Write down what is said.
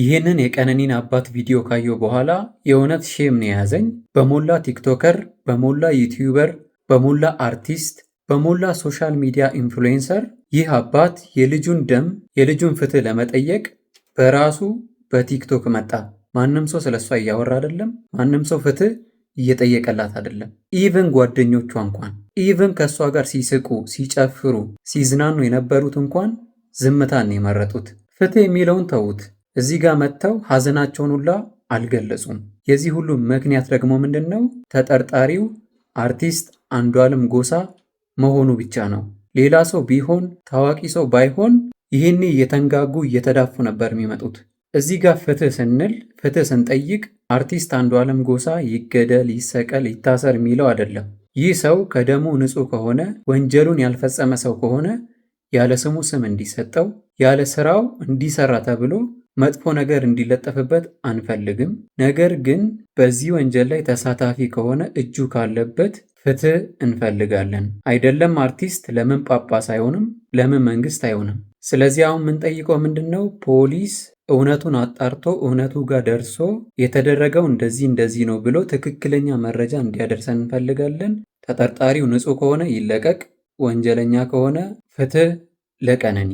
ይህንን የቀነኒን አባት ቪዲዮ ካየው በኋላ የእውነት ሼም ነው የያዘኝ። በሞላ ቲክቶከር፣ በሞላ ዩቲዩበር፣ በሞላ አርቲስት፣ በሞላ ሶሻል ሚዲያ ኢንፍሉዌንሰር ይህ አባት የልጁን ደም የልጁን ፍትህ ለመጠየቅ በራሱ በቲክቶክ መጣ። ማንም ሰው ስለሷ እያወራ አይደለም። ማንም ሰው ፍትህ እየጠየቀላት አይደለም። ኢቨን ጓደኞቿ እንኳን ኢቨን ከእሷ ጋር ሲስቁ፣ ሲጨፍሩ፣ ሲዝናኑ የነበሩት እንኳን ዝምታን የመረጡት። ፍትህ የሚለውን ተዉት። እዚህ ጋር መጥተው ሀዘናቸውን ሁላ አልገለጹም። የዚህ ሁሉ ምክንያት ደግሞ ምንድን ነው? ተጠርጣሪው አርቲስት አንዷለም ጎሳ መሆኑ ብቻ ነው። ሌላ ሰው ቢሆን ታዋቂ ሰው ባይሆን ይህን እየተንጋጉ እየተዳፉ ነበር የሚመጡት። እዚህ ጋር ፍትህ ስንል ፍትህ ስንጠይቅ አርቲስት አንዷለም ጎሳ ይገደል፣ ይሰቀል፣ ይታሰር የሚለው አይደለም። ይህ ሰው ከደሙ ንጹህ ከሆነ ወንጀሉን ያልፈጸመ ሰው ከሆነ ያለ ስሙ ስም እንዲሰጠው ያለ ስራው እንዲሰራ ተብሎ መጥፎ ነገር እንዲለጠፍበት አንፈልግም። ነገር ግን በዚህ ወንጀል ላይ ተሳታፊ ከሆነ እጁ ካለበት ፍትህ እንፈልጋለን። አይደለም አርቲስት ለምን ጳጳስ አይሆንም? ለምን መንግስት አይሆንም? ስለዚህ አሁን የምንጠይቀው ምንድን ነው? ፖሊስ እውነቱን አጣርቶ እውነቱ ጋር ደርሶ የተደረገው እንደዚህ እንደዚህ ነው ብሎ ትክክለኛ መረጃ እንዲያደርሰን እንፈልጋለን። ተጠርጣሪው ንጹህ ከሆነ ይለቀቅ፣ ወንጀለኛ ከሆነ ፍትህ ለቀነኒ